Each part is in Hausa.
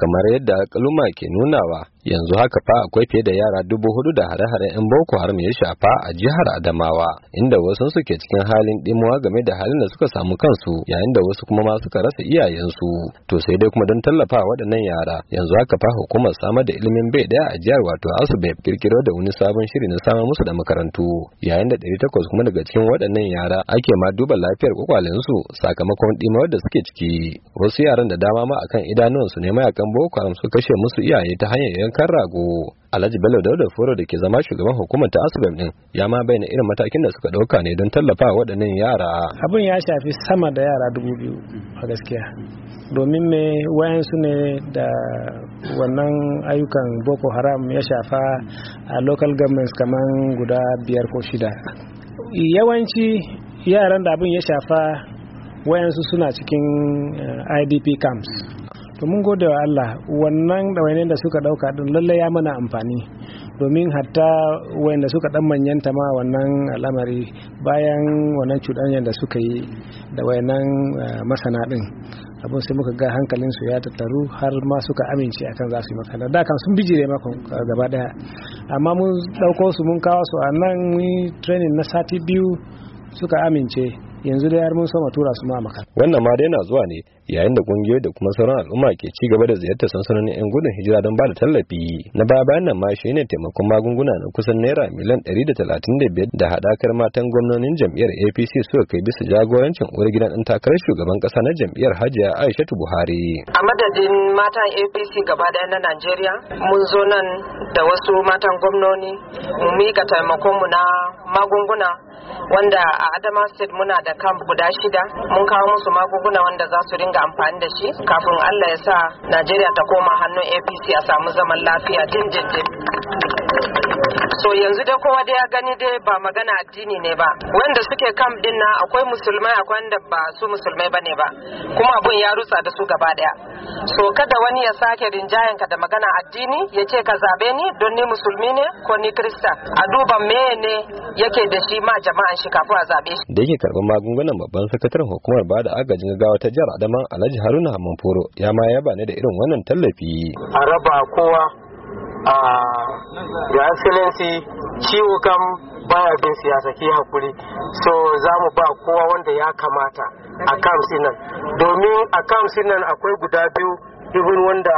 kamar yadda alƙaluma ke nunawa yanzu haka fa akwai fiye da yara dubu hudu da hare-hare 'yan boko haram ya shafa a jihar adamawa inda wasu suke cikin halin dimuwa game da halin da suka samu kansu yayin da wasu kuma ma suka rasa iyayensu to sai dai kuma don tallafa waɗannan yara yanzu haka fa hukumar samar da ilimin bai daya a jihar wato asubeb kirkiro da wani sabon shiri na samar musu da makarantu yayin da ɗari takwas kuma daga cikin waɗannan yara ake ma duba lafiyar kwakwalensu sakamakon dimuwar da suke ciki wasu yaran da dama ma akan idanuwansu ne mayakan boko haram suka kashe musu iyaye ta hanyar yankan rago alhaji bello dauda foro da ke zama shugaban hukumar ta asibam din ya ma bayyana irin matakin da suka dauka ne don tallafa waɗannan yara abin ya shafi sama da yara dubu biyu a gaskiya domin me wayansu ne da wannan ayyukan boko haram ya shafa a local governments kamar guda biyar ko shida yawanci yaran da abin ya shafa wayansu suna cikin eh, idp camps to mun gode wa Allah wannan ɗawainiyar da suka ɗauka ɗin lallai ya mana amfani domin hatta wanda suka ɗan manyanta ma wannan al'amari bayan wannan cuɗanyar da suka yi da wayannan eh, masana ɗin abin sai muka ga su ya tattaru har ma suka amince akan za su yi makana da kan sun bijire makon eh, gaba daya amma mun ɗauko su mun kawo su a nan training na sati biyu suka amince yanzu da yar mun sama tura su ma maka wannan ma dai na zuwa ne yayin da kungiyoyi da kuma sauran al'umma ke ci gaba da ziyartar sansanonin yan gudun hijira don ba da tallafi na baya bayan nan ma shi ne taimakon magunguna na kusan naira miliyan ɗari da talatin da hadakar matan gwamnonin jam'iyyar APC suka kai bisa jagorancin uwar gidan ɗan takarar shugaban ƙasa na jam'iyyar Hajiya Aishatu Buhari a madadin matan APC gaba ɗaya na Najeriya mun zo nan da wasu matan gwamnoni mu mika taimakon mu na magunguna wanda a adama state muna da camp guda shida mun kawo musu magunguna wanda za su ringa amfani da shi kafin allah ya sa najeriya ta koma hannun apc a samu zaman lafiya jinjin so yanzu dai kowa dai ya gani dai ba magana addini ne ba wanda suke kan din na akwai musulmai akwai wanda ba su musulmai ne ba kuma abun ya rutsa da su gaba daya so kada wani ya sake rinjayen ka da magana addini ya ce ka zabe ni don ni musulmi ne ko ni krista a duba meye ne yake da shi ma jama'an shi kafin a zabe shi da yake karɓar magungunan babban sakataren hukumar ba da agajin gawa ta jihar adaman alhaji haruna Mamforo ya ma yaba ne da irin wannan tallafi a raba kowa a ya excellency ciwo kam baya bin siyasa ke hakuri so za mu ba kowa wanda ya kamata a kamsinan domin a kamsinan akwai guda biyu ibin wanda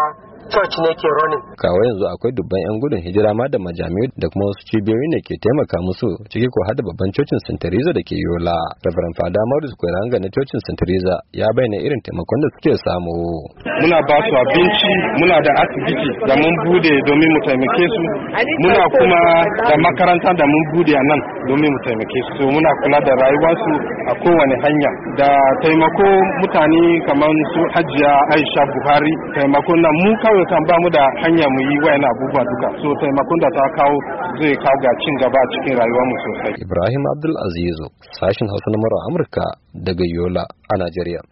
church ne ke running. Kawai yanzu akwai dubban 'yan gudun hijira ma da majami'u da kuma wasu cibiyoyi ne ke taimaka musu ciki ko hada babban cocin St. Teresa da ke Yola. Reverend Fada Maurice Kweranga na cocin St. Teresa ya bayyana irin taimakon da suke samu. Muna ba su abinci, muna da asibiti da mun bude domin mu taimake su, muna kuma da makaranta da mun bude a nan domin mu taimake su. muna kula da rayuwarsu a kowane hanya da taimako mutane kamar su Hajiya Aisha Buhari taimako nan mu kawai kan ba mu da hanya mu yi wayan abubuwa duka so taimakon da ta kawo zai kawo ga cin gaba cikin rayuwar mu sosai ibrahim abdul azizu sashin hausa na amurka daga yola a najeriya